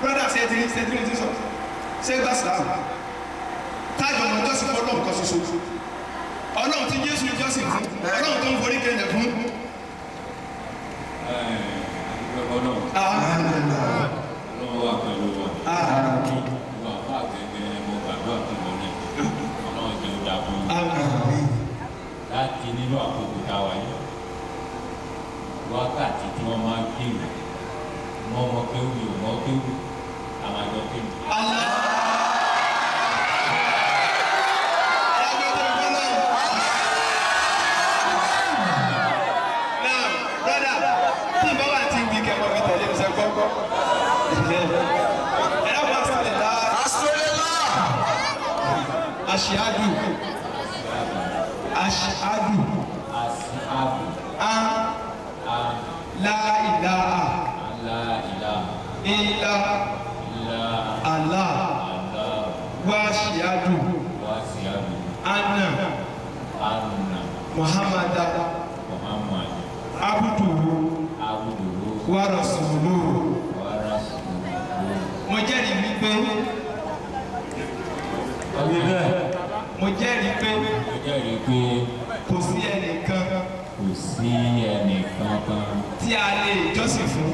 brother ṣe ti ṣe ti ṣe ṣe gba islam táàjọ ọmọ jọ́sìn fún ọlọ́run kan ṣoṣo ọlọ́run tí jésù ní jọ́sìn fún ọlọ́run tó ń forí kẹlẹ̀ fún. ọlọ́run wà pẹ̀lú wa wà fún àgbẹ̀gbẹ̀ mo gbàdúrà tó wọ́n ní ọlọ́run jẹ́ ọ̀dà fún mi láti nínú àkókò táwa yìí wákàtí tí wọ́n máa ń kéwì wọ́n mọ kéwì wọ́n kéwì. aṣáájú aṣáájú a láìlá ilá àlá wá aṣáájú anna muhammadu abudu wa rasuluhu pé mo jẹ́rìí pé mo jẹ́rìí pé kò sí ẹnìkan kò sí ẹnìkan kan tí a lè jọ́sìn fún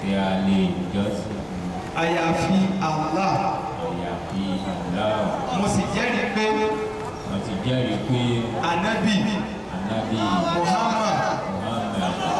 tí a lè jọ́sìn fún àyàfi Allah àyàfi Allah mo sì jẹ́rìí pé mo sì jẹ́rìí pé ànábì ànábì Muhammad Muhammad.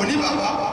我没办法。